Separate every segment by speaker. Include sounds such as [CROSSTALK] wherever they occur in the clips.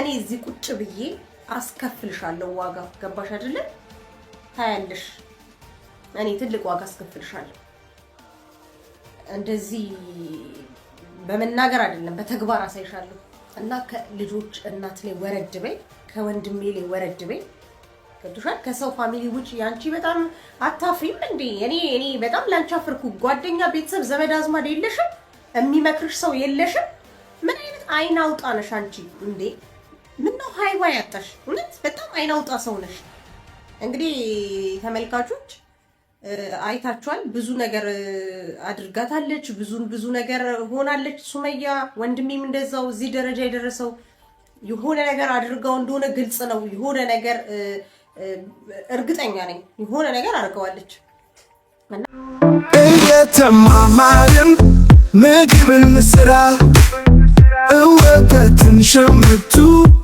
Speaker 1: እኔ እዚህ ቁጭ ብዬ አስከፍልሻለሁ ዋጋ ገባሽ አይደለም? ታያለሽ፣ እኔ ትልቅ ዋጋ አስከፍልሻለሁ። እንደዚህ በመናገር አይደለም በተግባር አሳይሻለሁ። እና ከልጆች እናት ላይ ወረድ በይ፣ ከወንድሜ ላይ ወረድ በይ። ገብቶሻል? ከሰው ፋሚሊ ውጭ ያንቺ በጣም አታፍሪም እንዴ? እኔ እኔ በጣም ላንቺ አፍርኩ። ጓደኛ፣ ቤተሰብ፣ ዘመድ አዝማድ የለሽም? የሚመክርሽ ሰው የለሽም? ምን አይነት አይን አውጣ ነሽ አንቺ እንዴ? ሀይዋይ አታሽ። እውነት በጣም አይናውጣ ሰው ነሽ። እንግዲህ ተመልካቾች አይታችኋል። ብዙ ነገር አድርጋታለች፣ ብዙን ብዙ ነገር ሆናለች። ሱመያ ወንድሜም እንደዛው እዚህ ደረጃ የደረሰው የሆነ ነገር አድርጋው እንደሆነ ግልጽ ነው። የሆነ ነገር እርግጠኛ ነኝ፣ የሆነ ነገር አድርገዋለች። እየተማማርን ምግብን ስራ እወተትን ሸምቱ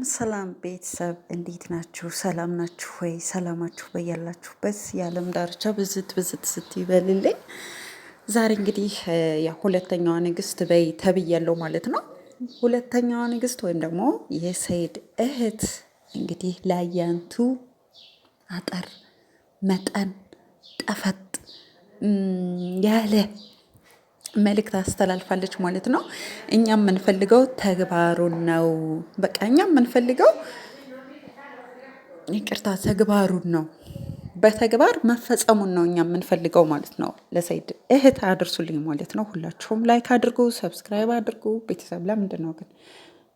Speaker 1: ሰላም ሰላም ቤተሰብ እንዴት ናችሁ? ሰላም ናችሁ ወይ? ሰላማችሁ በያላችሁበት የዓለም ዳርቻ ብዝት ብዝት ስት ይበልልኝ። ዛሬ እንግዲህ ሁለተኛዋ ንግስት በይ ተብያለው ማለት ነው። ሁለተኛዋ ንግስት ወይም ደግሞ የሰይድ እህት እንግዲህ ለአያንቱ አጠር መጠን ጠፈጥ ያለ መልእክት አስተላልፋለች ማለት ነው። እኛ የምንፈልገው ተግባሩን ነው። በቃ እኛ የምንፈልገው ይቅርታ ተግባሩን ነው በተግባር መፈጸሙን ነው እኛ የምንፈልገው ማለት ነው። ለሰይድ እህት አድርሱልኝ ማለት ነው። ሁላችሁም ላይክ አድርጉ፣ ሰብስክራይብ አድርጉ። ቤተሰብ ለምንድን ነው ግን?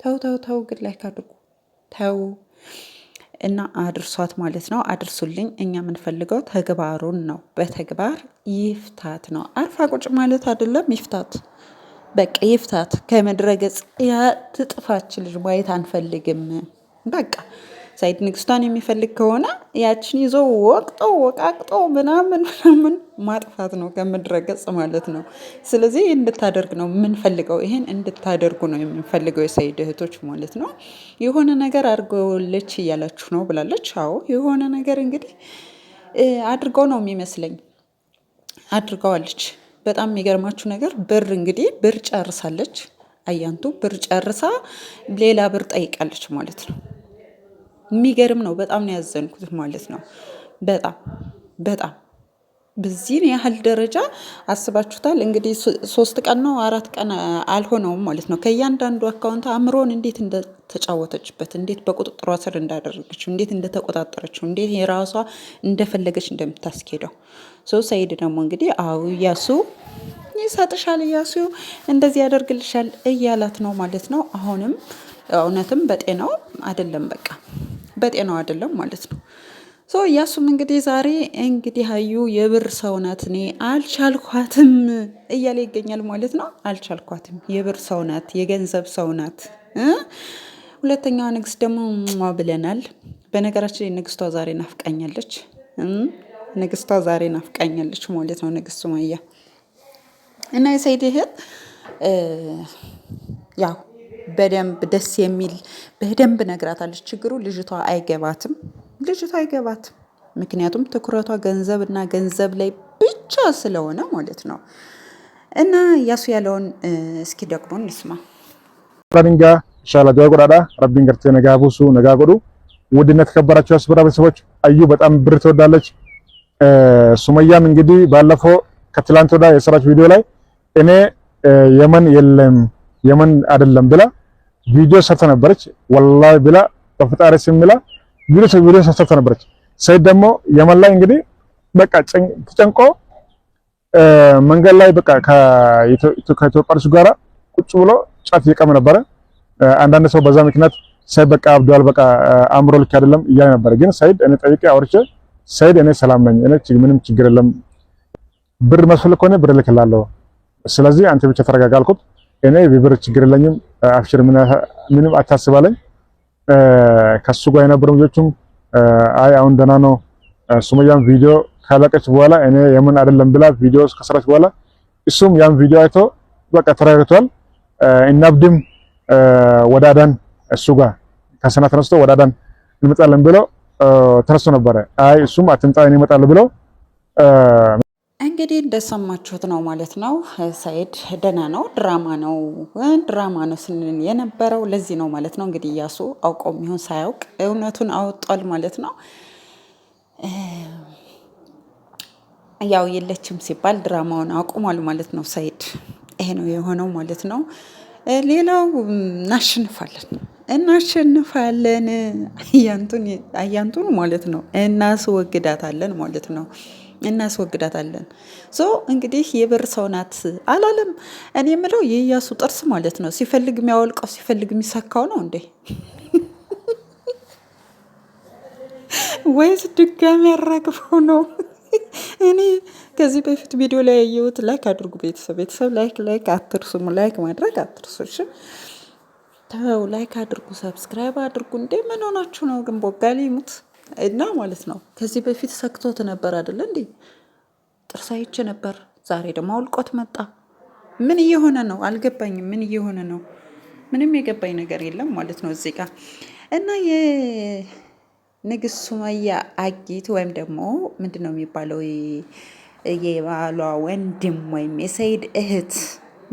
Speaker 1: ተው ተው ተው ግን ላይክ አድርጉ ተው። እና አድርሷት ማለት ነው። አድርሱልኝ። እኛ የምንፈልገው ተግባሩን ነው። በተግባር ይፍታት ነው። አርፋ ቁጭ ማለት አይደለም። ይፍታት፣ በቃ ይፍታት። ከምድረ ገጽ ትጥፋች ልጅ ማየት አንፈልግም። በቃ ሳይድ ንግስቷን የሚፈልግ ከሆነ ያችን ይዞ ወቅጦ ወቃቅጦ ምናምን ምናምን ማጥፋት ነው ከምድረገጽ ማለት ነው። ስለዚህ እንድታደርግ ነው የምንፈልገው፣ ይሄን እንድታደርጉ ነው የምንፈልገው የሳይድ እህቶች ማለት ነው። የሆነ ነገር አድርገውለች እያላችሁ ነው ብላለች። አዎ የሆነ ነገር እንግዲህ አድርገው ነው የሚመስለኝ አድርገዋለች። በጣም የሚገርማችሁ ነገር ብር እንግዲህ ብር ጨርሳለች። አያንቱ ብር ጨርሳ ሌላ ብር ጠይቃለች ማለት ነው። የሚገርም ነው። በጣም ነው ያዘንኩት ማለት ነው። በጣም በጣም በዚህን ያህል ደረጃ አስባችሁታል። እንግዲህ ሶስት ቀን ነው አራት ቀን አልሆነውም ማለት ነው። ከእያንዳንዱ አካውንት አእምሮን እንዴት እንደተጫወተችበት፣ እንዴት በቁጥጥሯ ስር እንዳደረገችው፣ እንዴት እንደተቆጣጠረችው፣ እንዴት የራሷ እንደፈለገች እንደምታስኬደው ሰው ሰይድ ደግሞ እንግዲህ አዎ እያሱ ይሰጥሻል፣ እያሱ እንደዚህ ያደርግልሻል እያላት ነው ማለት ነው አሁንም እውነትም በጤናው አይደለም፣ በቃ በጤናው አይደለም ማለት ነው። ሶ እያሱም እንግዲህ ዛሬ እንግዲህ ሀዩ የብር ሰው ናት እኔ አልቻልኳትም እያለ ይገኛል ማለት ነው። አልቻልኳትም፣ የብር ሰው ናት፣ የገንዘብ ሰው ናት። ሁለተኛዋ ንግስት ደግሞ ሟ ብለናል። በነገራችን ላይ ንግስቷ ዛሬ ናፍቃኛለች፣ ንግስቷ ዛሬ ናፍቃኛለች ማለት ነው። ንግስት ሱመያ እና የሰይድ እህት ያው በደንብ ደስ የሚል በደንብ ነግራታለች። ችግሩ ልጅቷ አይገባትም፣ ልጅቷ አይገባትም። ምክንያቱም ትኩረቷ ገንዘብ እና ገንዘብ ላይ ብቻ ስለሆነ ማለት ነው። እና ያሱ ያለውን እስኪ ደግሞ እንስማ። ረንጃ ኢንሻአላ ዱአ ቁራዳ ረቢን ገርቴ ነጋቡሱ ነጋጉዱ ውድነት ከበራቸው ያስብራ ቤተሰቦች አዩ በጣም ብር ትወዳለች። ሱመያም እንግዲህ ባለፈው ከትላንት ወዲያ የሰራች ቪዲዮ ላይ እኔ የመን የለም የመን አይደለም ብላ ቪዲዮ ሰርተ ነበረች። ወላሂ ብላ በፍጣሪ ስም ብላ ቪዲዮ ሰርተ ነበረች። ሰይድ ደግሞ የመን ላይ እንግዲህ በቃ ተጨንቆ መንገድ ላይ በቃ ከኢትዮጵያ ልጅ ጋራ ቁጭ ብሎ ጫት ይቀም ነበረ። አንዳንድ ሰው በዛ ምክንያት ሰይድ በቃ አብዷል፣ በቃ አእምሮ ልክ አይደለም እያለ ነበረ። ግን ሰይድ እኔ ጠይቄ አውርቼ ሰይድ እኔ ሰላም ነኝ፣ እኔ ምንም ችግር የለም፣ ብር መስፈልግ ከሆነ ብር እልክልሃለሁ፣ ስለዚህ አንተ ብቻ ተረጋጋ አልኩት። እኔ በብር ችግር የለኝም፣ አፍሽር ምንም አታስባለኝ። ከሱ ጋር የነበሩ ልጆቹም አይ አሁን ደህና ነው፣ ሱመያም ቪዲዮ ካለቀች በኋላ እኔ የምን አይደለም ብላ ቪዲዮ ከሰራች በኋላ እሱም ያን ቪዲዮ አይቶ በቃ ተረድቷል። እናብድም ወደ አዳን እሱ ጋር ከሰና ተነስቶ ወደ አዳን እንመጣለን ብሎ ተነስቶ ነበረ። አይ እሱም አትምጣ እኔ እመጣለሁ ብሎ እንግዲህ እንደሰማችሁት ነው ማለት ነው። ሰኢድ ደህና ነው። ድራማ ነው ድራማ ነው ስንል የነበረው ለዚህ ነው ማለት ነው። እንግዲህ እያሱ አውቀው የሚሆን ሳያውቅ እውነቱን አወጧል ማለት ነው። ያው የለችም ሲባል ድራማውን አቁሟል ማለት ነው። ሰኢድ ይሄ ነው የሆነው ማለት ነው። ሌላው እናሸንፋለን እናሸንፋለን አያንቱን ማለት ነው። እናስወግዳታለን ማለት ነው። እናስወግዳታለን። ሶ እንግዲህ የብር ሰው ናት አላለም። እኔ የምለው የኢያሱ ጥርስ ማለት ነው። ሲፈልግ የሚያወልቀው ሲፈልግ የሚሰካው ነው እንዴ? [LAUGHS] ወይስ ድጋሚ ያራግፈው ነው? [LAUGHS] እኔ ከዚህ በፊት ቪዲዮ ላይ ያየሁት ላይክ አድርጉ ቤተሰብ ቤተሰብ ላይክ ላይክ አትርሱም፣ ላይክ ማድረግ አትርሱ። ተው ላይክ አድርጉ፣ ሰብስክራይብ አድርጉ። እንዴ ምን ሆናችሁ ነው ግን? ቦጋሊ ሙት እና ማለት ነው ከዚህ በፊት ሰክቶት ነበር አይደለ እንዴ? ጥርስ ነበር፣ ዛሬ ደግሞ አውልቆት መጣ። ምን እየሆነ ነው አልገባኝም። ምን እየሆነ ነው? ምንም የገባኝ ነገር የለም ማለት ነው እዚህ ጋር እና የንግስት ሱመያ አጊት ወይም ደግሞ ምንድን ነው የሚባለው የባሏ ወንድም ወይም የሰይድ እህት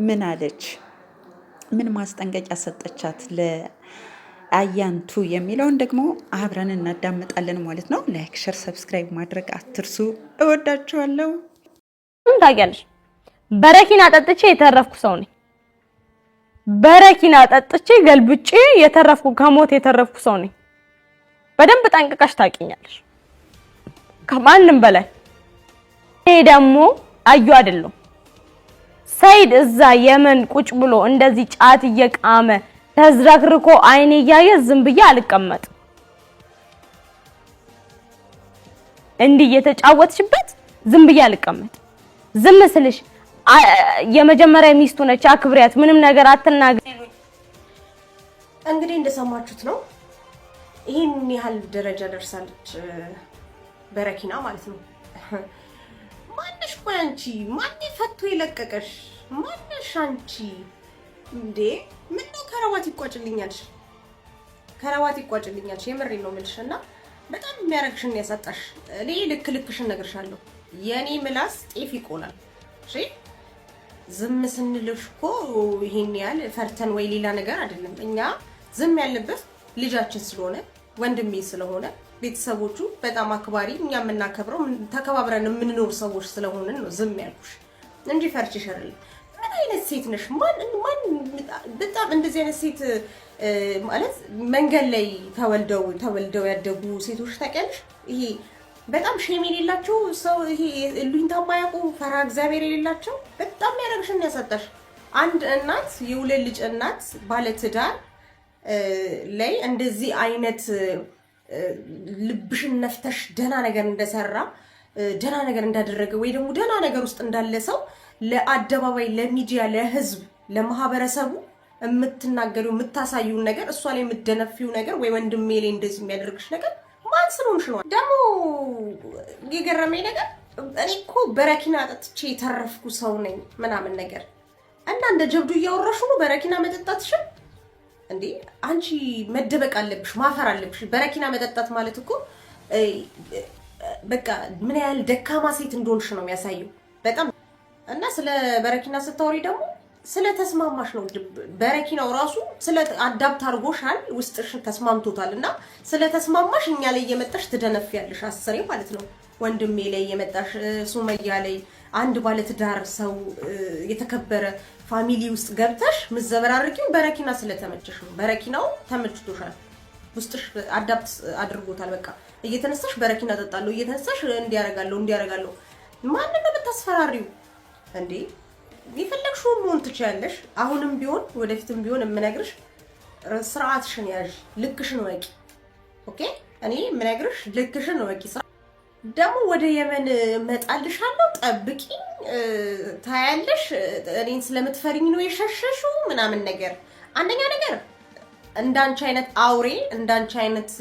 Speaker 1: ምን አለች? ምን ማስጠንቀቂያ ሰጠቻት? አያንቱ የሚለውን ደግሞ አብረን እናዳምጣለን ማለት ነው። ላይክ፣ ሸር፣ ሰብስክራይብ ማድረግ አትርሱ። እወዳችኋለሁ። እንታያለሽ። በረኪና ጠጥቼ የተረፍኩ ሰው ነኝ። በረኪና ጠጥቼ ገልብጬ የተረፍኩ ከሞት የተረፍኩ ሰው ነኝ። በደንብ ጠንቅቀሽ ታውቂኛለሽ ከማንም በላይ። እኔ ደግሞ አዩ አይደለም ሰይድ እዛ የመን ቁጭ ብሎ እንደዚህ ጫት እየቃመ ተዝረክርኮ አይኔ እያየ ዝም ብዬ አልቀመጥም። እንዲህ እየተጫወትሽበት ዝም ብዬ አልቀመጥም። ዝም ስልሽ የመጀመሪያ ሚስቱ ነች፣ አክብሪያት፣ ምንም ነገር አትናገሪ። እንግዲህ እንደሰማችሁት ነው። ይህን ያህል ደረጃ ደርሳለች በረኪና ማለት ነው። ማንሽ ቆይ አንቺ ማን ፈቶ የለቀቀሽ ማንሽ አንቺ እንዴ ምን ነው ከረባት ይቋጭልኛል፣ ከረባት ይቋጭልኛል። የምሬ ነው የምልሽ። እና በጣም የሚያረግሽን ያሳጣሽ። እኔ ልክ ልክሽን እነግርሻለሁ። የኔ ምላስ ጤፍ ይቆላል። እሺ ዝም ስንልሽ እኮ ይሄን ያህል ፈርተን ወይ ሌላ ነገር አይደለም። እኛ ዝም ያለበት ልጃችን ስለሆነ ወንድሜ ስለሆነ ቤተሰቦቹ በጣም አክባሪ እኛ የምናከብረው ተከባብረን የምንኖር ሰዎች ስለሆንን ነው ዝም ያልኩሽ እንጂ ፈርቼሽ አይደለም። ምን አይነት ሴት ነሽ? ማን ማን በጣም እንደዚህ አይነት ሴት ማለት መንገድ ላይ ተወልደው ተወልደው ያደጉ ሴቶች ታውቂያለሽ? ይሄ በጣም ሼም የሌላቸው ሰው ይሄ እሉኝታ የማያውቁ ፈራ እግዚአብሔር የሌላቸው በጣም ያደረግሽን ያሳጣሽ። አንድ እናት የሁለት ልጅ እናት ባለትዳር ላይ እንደዚህ አይነት ልብሽን ነፍተሽ ደህና ነገር እንደሰራ ደህና ነገር እንዳደረገ ወይ ደግሞ ደህና ነገር ውስጥ እንዳለ ሰው ለአደባባይ ለሚዲያ ለህዝብ ለማህበረሰቡ የምትናገሪው የምታሳዩን ነገር እሷ ላይ የምትደነፊው ነገር ወይ ወንድሜ ላይ እንደዚህ የሚያደርግሽ ነገር ማን ስለሆንሽ ነው? ደግሞ የገረመኝ ነገር እኔ እኮ በረኪና ጠጥቼ የተረፍኩ ሰው ነኝ ምናምን ነገር እና እንደ ጀብዱ እያወራሽ ነው በረኪና መጠጣትሽን። እንዴ አንቺ መደበቅ አለብሽ፣ ማፈር አለብሽ። በረኪና መጠጣት ማለት እኮ በቃ ምን ያህል ደካማ ሴት እንደሆንሽ ነው የሚያሳየው። በጣም እና ስለ በረኪና ስታወሪ ደግሞ ስለ ተስማማሽ ነው። በረኪናው ራሱ ስለ አዳፕት አድርጎሻል ውስጥሽ ተስማምቶታል። እና ስለ ተስማማሽ እኛ ላይ እየመጣሽ ትደነፊያለሽ አስሬ ማለት ነው። ወንድሜ ላይ እየመጣሽ ሱመያ ላይ አንድ ባለትዳር ሰው የተከበረ ፋሚሊ ውስጥ ገብተሽ ምዘበራርቂው በረኪና ስለተመቸሽ ነው። በረኪናው ተመችቶሻል፣ ውስጥሽ አዳፕት አድርጎታል። በቃ እየተነሳሽ በረኪና ጠጣለሁ፣ እየተነሳሽ እንዲያረጋለሁ እንዲያረጋለሁ። ማንም ነው የምታስፈራሪው? እንዴ የፈለግሽውን መሆን ትችያለሽ። አሁንም ቢሆን ወደፊትም ቢሆን የምነግርሽ ስርዓትሽን ያዥ፣ ልክሽን ወቂ። ኦኬ እኔ የምነግርሽ ልክሽን ወቂ። ደግሞ ወደ የመን እመጣልሻለሁ፣ ጠብቂኝ፣ ታያለሽ። እኔን ስለምትፈሪኝ ነው የሸሸሹ ምናምን ነገር። አንደኛ ነገር እንዳንቺ አይነት አውሬ እንዳንቺ አይነት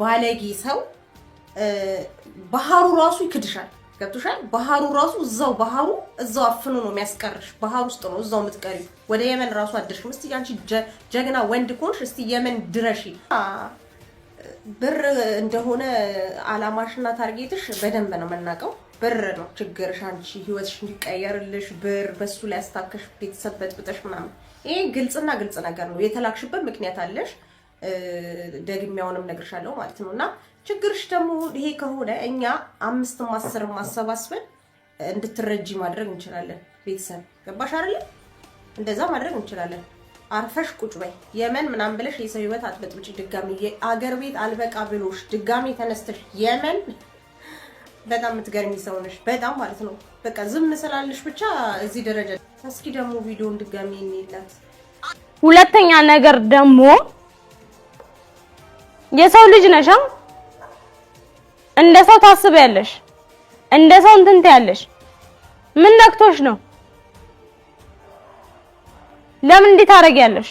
Speaker 1: ባለጌ ሰው ባህሩ ራሱ ይክድሻል። ገብቶሻል። ባህሩ ራሱ እዛው ባህሩ እዛው አፍኖ ነው የሚያስቀርሽ። ባህር ውስጥ ነው እዛው የምትቀሪ። ወደ የመን ራሱ አድርሽ ምስ አንቺ ጀግና ወንድ ኮንሽ፣ እስቲ የመን ድረሽ። ብር እንደሆነ አላማሽና ታርጌትሽ በደንብ ነው የምናውቀው። ብር ነው ችግርሽ። አንቺ ህይወትሽ እንዲቀየርልሽ ብር በሱ ላይ ያስታከሽ ቤተሰብ በጥብጠሽ ምናምን። ይሄ ግልጽና ግልጽ ነገር ነው። የተላክሽበት ምክንያት አለሽ። ደግሚያውንም ነግርሻለሁ ማለት ነው። እና ችግርሽ ደግሞ ይሄ ከሆነ እኛ አምስትም አስርም ማሰባስበን እንድትረጂ ማድረግ እንችላለን። ቤተሰብ ገባሽ አይደለ? እንደዛ ማድረግ እንችላለን። አርፈሽ ቁጭ በይ። የመን ምናምን ብለሽ የሰው ህይወት አትበጥብጭ። ድጋሚ አገር ቤት አልበቃ ብሎሽ ድጋሚ ተነስተሽ የመን [LAUGHS] በጣም የምትገርሚ ሰው ነሽ። በጣም ማለት ነው። በቃ ዝም ስላለሽ ብቻ እዚህ ደረጃ። እስኪ ደግሞ ቪዲዮን ድጋሚ እንይላት። ሁለተኛ ነገር ደግሞ የሰው ልጅ ነሽ። እንደ ሰው ታስቢያለሽ፣ እንደ ሰው እንትን ትያለሽ። ምን ነክቶሽ ነው? ለምን እንዴት ታደርጊያለሽ?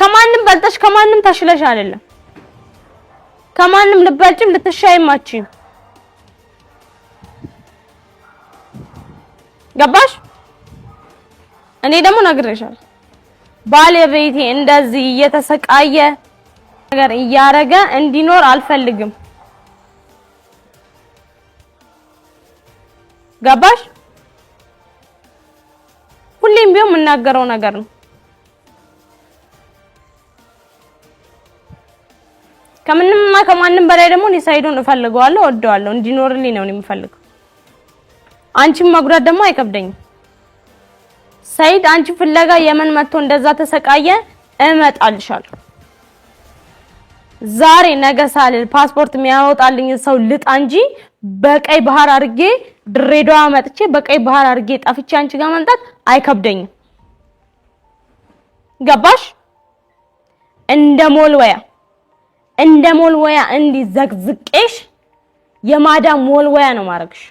Speaker 1: ከማንም በልጠሽ ከማንም ተሽለሽ አይደለም። ከማንም ልበልጭም ልትሻይም አትችይም። ገባሽ? እኔ ደግሞ ነግሬሻለሁ። ባለቤቴ እንደዚህ እየተሰቃየ ነገር እያደረገ እንዲኖር አልፈልግም። ገባሽ? ሁሌም ቢሆን የምናገረው ነገር ነው። ከምንምና ከማንም በላይ ደግሞ እኔ ሳይዶን እፈልገዋለሁ፣ እወደዋለሁ፣ እንዲኖርልኝ ነው የምፈልገው። አንቺም መጉዳት ደግሞ አይከብደኝም። ሰይድ አንቺ ፍለጋ የመን መጥቶ እንደዛ ተሰቃየ። እመጣልሻል። ዛሬ ነገ ሳልል ፓስፖርት የሚያወጣልኝ ሰው ልጣ እንጂ በቀይ ባህር አድርጌ ድሬዳዋ መጥቼ በቀይ ባህር አድርጌ ጠፍቼ አንቺ ጋር መምጣት አይከብደኝም። ገባሽ? እንደ ሞልወያ እንደ ሞልወያ እንዲህ ዘግዝቄሽ የማዳም ሞልወያ ነው ማድረግሽ።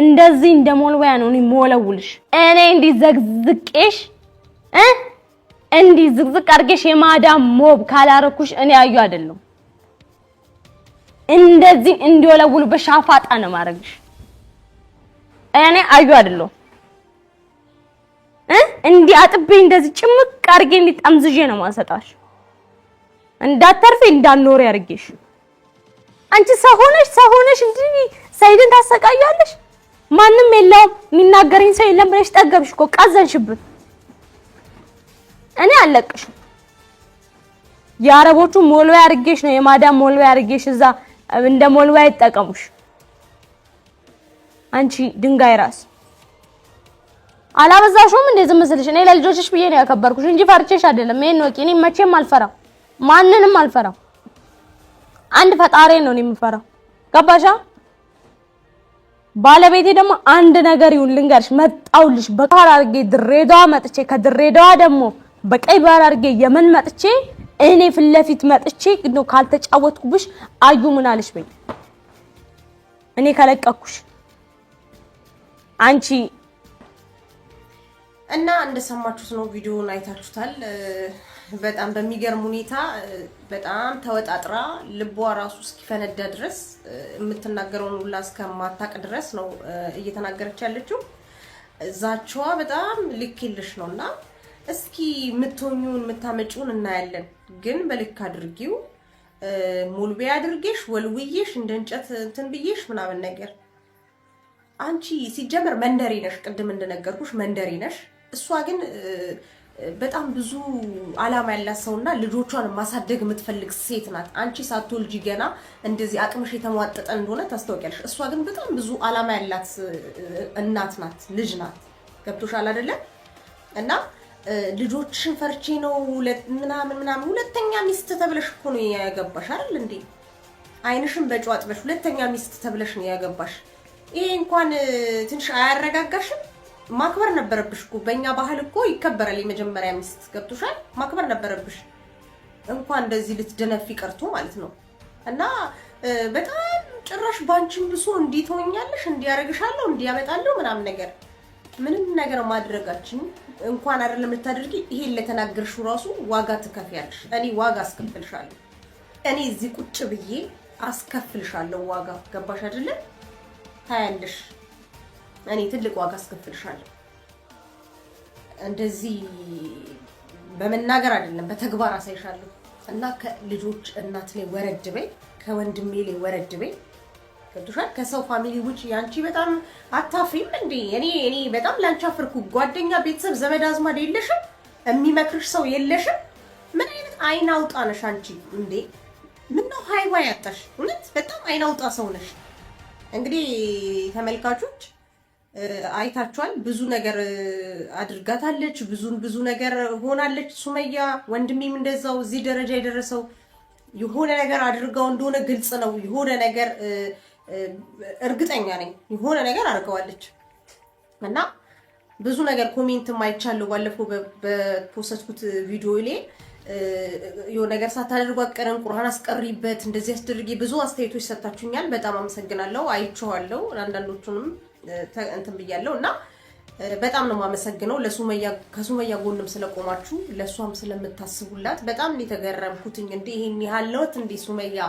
Speaker 1: እንደዚህ እንደ ሞልወያ ነው ሞለውልሽ። እኔ እንዲህ ዘግዝቄሽ እ እንዲህ ዝቅዝቅ አድርጌሽ የማዳም ሞብ ካላረኩሽ እኔ አዩ አይደለም። እንደዚህ እንዲወለውል በሻፋጣ ነው ማረግሽ። እኔ አዩ አይደለም እ እንዲህ አጥቤ እንደዚህ ጭምቅ አድርጌ እንዲህ ጠምዝዤ ነው ማሰጣሽ። እንዳተርፌ እንዳኖር ያርጌሽ። አንቺ ሰው ሆነሽ ሰው ሆነሽ እንዲህ ሰይድን ታሰቃያለሽ። ማንም የለውም የሚናገረኝ ሰው የለም ብለሽ ጠገብሽ እኮ እኔ አለቅሽ የአረቦቹ ሞልዋ አድርጌሽ ነው የማዳም ሞልዋ አድርጌሽ እዛ እንደ ሞልዋ አይጠቀሙሽ። አንቺ ድንጋይ ራስ አላበዛሽውም እንዴ? ዝም ስልሽ እኔ ለልጆችሽ ብዬ ነው ያከበርኩሽ እንጂ ፈርቼሽ አይደለም። ይሄን ወቂ። እኔ መቼም አልፈራም፣ ማንንም አልፈራም። አንድ ፈጣሪ ነው እኔ የምፈራው። ገባሻ? ባለቤቴ ደግሞ አንድ ነገር ይሁን ልንገርሽ፣ መጣውልሽ በቃል አድርጌ ድሬዳዋ መጥቼ ከድሬዳዋ ደግሞ በቀይ ባህር አድርጌ የመን መጥቼ እኔ ፊት ለፊት መጥቼ ነው ካልተጫወትኩብሽ፣ አዩ ምን አለሽ በይ። እኔ ከለቀኩሽ አንቺ እና እንደሰማችሁት ነው። ቪዲዮውን አይታችሁታል። በጣም በሚገርም ሁኔታ በጣም ተወጣጥራ ልቧ ራሱ እስኪፈነዳ ድረስ የምትናገረውን ሁላ እስከማታቅ ድረስ ነው እየተናገረች ያለችው። እዛቸዋ በጣም ልክ የለሽ ነው እና እስኪ የምትሆኙን የምታመጪውን እናያለን፣ ግን በልክ አድርጊው፣ ሞልቢያ አድርጌሽ ወልውዬሽ እንደ እንጨት እንትን ብዬሽ ምናምን ነገር አንቺ ሲጀመር መንደሪ ነሽ። ቅድም እንደነገርኩሽ መንደሪ ነሽ። እሷ ግን በጣም ብዙ አላማ ያላት ሰውና ልጆቿን ማሳደግ የምትፈልግ ሴት ናት። አንቺ ሳትወልጂ ገና እንደዚህ አቅምሽ የተሟጠጠ እንደሆነ ታስታውቂያለሽ። እሷ ግን በጣም ብዙ አላማ ያላት እናት ናት፣ ልጅ ናት። ገብቶሻል አይደለም? እና ልጆችሽን ፈርቼ ነው ምናምን ምናምን። ሁለተኛ ሚስት ተብለሽ እኮ ነው ያገባሽ አይደል እንዴ? አይንሽን በጨው ሁለተኛ ሚስት ተብለሽ ነው ያገባሽ። ይሄ እንኳን ትንሽ አያረጋጋሽም? ማክበር ነበረብሽ እኮ በእኛ ባህል እኮ ይከበራል። የመጀመሪያ ሚስት ገብቶሻል። ማክበር ነበረብሽ እንኳን እንደዚህ ልትደነፊ ቀርቶ ማለት ነው። እና በጣም ጭራሽ ባንቺን ብሶ እንዲህ ትሆኛለሽ፣ እንዲያደርግሻለሁ፣ እንዲያመጣለሁ ምናምን ነገር ምንም ነገር ማድረጋችን እንኳን አይደለም ልታደርጊ፣ ይሄን ለተናገርሽው ራሱ ዋጋ ትከፍያለሽ። እኔ ዋጋ አስከፍልሻለሁ። እኔ እዚህ ቁጭ ብዬ አስከፍልሻለሁ ዋጋ። ገባሽ አይደለም? ታያለሽ እኔ ትልቅ ዋጋ አስከፍልሻለሁ። እንደዚህ በመናገር አይደለም በተግባር አሳይሻለሁ። እና ከልጆች እናት ላይ ወረድ በይ፣ ከወንድሜ ላይ ወረድ በይ። ገብቶሻል? ከሰው ፋሚሊ ውጭ ያንቺ በጣም አታፍሪም እንዴ? እኔ እኔ በጣም ላንቺ አፍርኩ። ጓደኛ፣ ቤተሰብ፣ ዘመድ አዝማድ የለሽም? የሚመክርሽ ሰው የለሽም? ምን አይነት አይን አውጣ ነሽ አንቺ እንዴ? ነው ሀይዋ ያጣሽ? እውነት በጣም አይን አውጣ ሰው ነሽ። እንግዲህ ተመልካቾች አይታችኋል። ብዙ ነገር አድርጋታለች። ብዙን ብዙ ነገር ሆናለች። ሱመያ ወንድሜም እንደዛው እዚህ ደረጃ የደረሰው የሆነ ነገር አድርገው እንደሆነ ግልጽ ነው። የሆነ ነገር እርግጠኛ ነኝ የሆነ ነገር አድርገዋለች እና ብዙ ነገር ኮሜንት አይቻለሁ። ባለፈው በፖሰትኩት ቪዲዮ ላይ የሆነ ነገር ሳታደርጉ አቀረን ቁርሃን አስቀሪበት እንደዚህ አስደርጌ ብዙ አስተያየቶች ሰጥታችሁኛል። በጣም አመሰግናለሁ። አይቼዋለሁ አንዳንዶቹንም እንትን ብያለው እና በጣም ነው የማመሰግነው ለሱመያ ከሱመያ ጎንም ስለቆማችሁ ለእሷም ስለምታስቡላት በጣም ነው የተገረምኩትኝ። እንዲ ይህን ያለውት እንዲ ሱመያ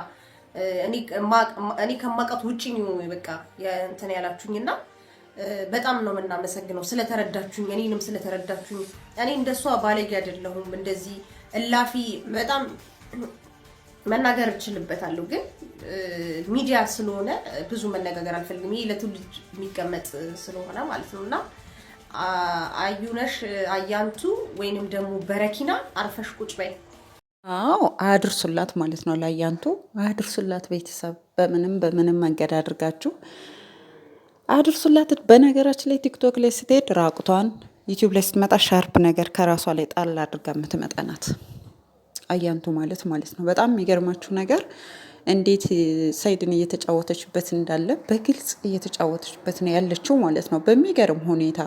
Speaker 1: እኔ ከማውቃት ውጭ በቃ እንትን እና በጣም ነው የምናመሰግነው ስለተረዳችሁኝ፣ እኔንም ስለተረዳችሁኝ። እኔ እንደሷ ባለጌ አይደለሁም እንደዚህ እላፊ በጣም መናገር እችልበታለሁ፣ ግን ሚዲያ ስለሆነ ብዙ መነጋገር አልፈልግም። ይህ ለትውልድ የሚቀመጥ ስለሆነ ማለት ነው እና አዩነሽ አያንቱ ወይንም ደግሞ በረኪና አርፈሽ ቁጭ በይ። አዎ አያድርሱላት ማለት ነው ለአያንቱ አያድርሱላት። ቤተሰብ በምንም በምንም መንገድ አድርጋችሁ አድርሱላት። በነገራችን ላይ ቲክቶክ ላይ ስትሄድ ራቁቷን፣ ዩቲዩብ ላይ ስትመጣ ሻርፕ ነገር ከራሷ ላይ ጣል አድርጋ የምትመጣ ናት። አያንቱ ማለት ማለት ነው። በጣም የሚገርማችሁ ነገር እንዴት ሳይድን እየተጫወተችበት እንዳለ በግልጽ እየተጫወተችበት ነው ያለችው ማለት ነው በሚገርም ሁኔታ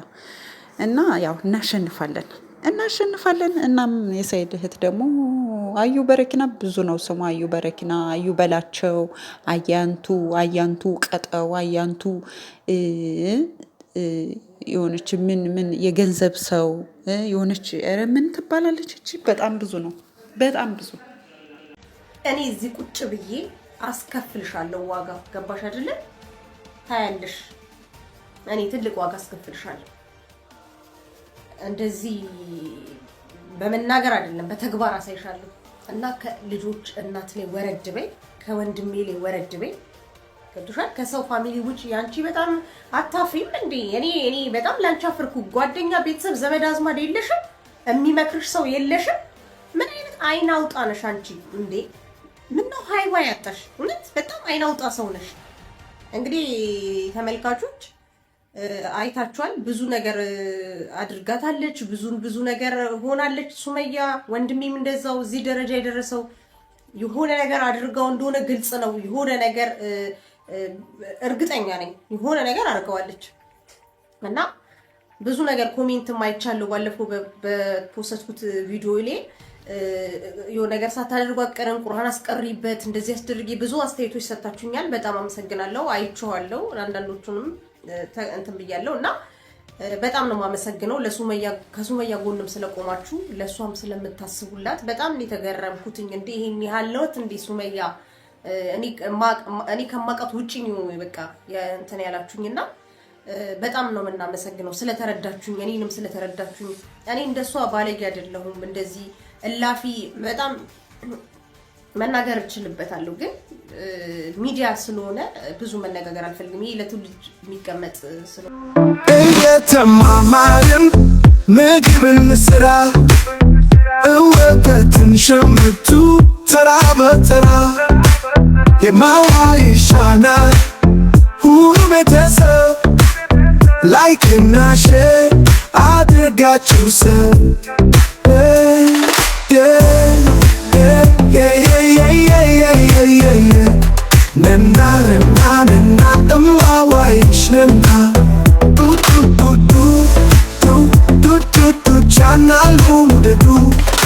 Speaker 1: እና ያው እናሸንፋለን እናሸንፋለን። እናም የሳይድ እህት ደግሞ አዩ በረኪና ብዙ ነው ስሙ። አዩ በረኪና፣ አዩ በላቸው፣ አያንቱ፣ አያንቱ ቀጠው፣ አያንቱ የሆነች ምን ምን የገንዘብ ሰው የሆነች ምን ትባላለች? እቺ በጣም ብዙ ነው። በጣም ብዙ። እኔ እዚህ ቁጭ ብዬ አስከፍልሻለሁ ዋጋ ገባሽ አይደለም? ታያለሽ፣ እኔ ትልቅ ዋጋ አስከፍልሻለሁ። እንደዚህ በመናገር አይደለም በተግባር አሳይሻለሁ። እና ከልጆች እናት ላይ ወረድ በይ፣ ከወንድሜ ላይ ወረድ በይ። ገብቶሻል? ከሰው ፋሚሊ ውጭ ያንቺ በጣም አታፍሪም እንዴ? እኔ እኔ በጣም ላንቺ አፍርኩ። ጓደኛ፣ ቤተሰብ፣ ዘመድ አዝማድ የለሽም? የሚመክርሽ ሰው የለሽም? አይን አውጣ ነሽ አንቺ። እንዴ ምን ነው ሀይዋ ያጣሽ? እውነት በጣም አይን አውጣ ሰው ነሽ። እንግዲህ ተመልካቾች አይታችኋል። ብዙ ነገር አድርጋታለች። ብዙን ብዙ ነገር ሆናለች ሱመያ። ወንድሜም እንደዛው እዚህ ደረጃ የደረሰው የሆነ ነገር አድርጋው እንደሆነ ግልጽ ነው። የሆነ ነገር እርግጠኛ ነኝ የሆነ ነገር አድርገዋለች እና ብዙ ነገር ኮሜንት አይቻለሁ ባለፈው በፖሰትኩት ቪዲዮ ላይ የሆነ ነገር ሳታደርጉ አቀረን ቁርአን አስቀሪበት እንደዚህ አስደርጊ ብዙ አስተያየቶች ሰጥታችሁኛል። በጣም አመሰግናለሁ። አይቼዋለሁ። አንዳንዶቹንም እንትን ብያለሁ እና በጣም ነው የማመሰግነው። ለሱመያ ከሱመያ ጎንም ስለቆማችሁ ለሷም ስለምታስቡላት በጣም ነው የተገረምኩትኝ። እንዴ ይሄን ያለውት እንዴ ሱመያ እኔ እኔ ከማውቃት ውጪ ነው በቃ እንትን ያላችሁኝና በጣም ነው የምናመሰግነው ስለተረዳችሁኝ፣ እኔንም ስለተረዳችሁኝ። እኔ እንደሷ ባለጌ አይደለሁም እንደዚህ እላፊ በጣም መናገር እችልበታለሁ፣ ግን ሚዲያ ስለሆነ ብዙ መነጋገር አልፈልግም። ይህ ለትውልድ የሚቀመጥ ስለሆነ እየተማማርን ምግብን ስራ እወተትን ሸምቱ ተራ በተራ የማዋ ይሻናል ሁሉ ቤተሰብ ላይክና ሼር አድርጋችሁ ሰብ Channel home the do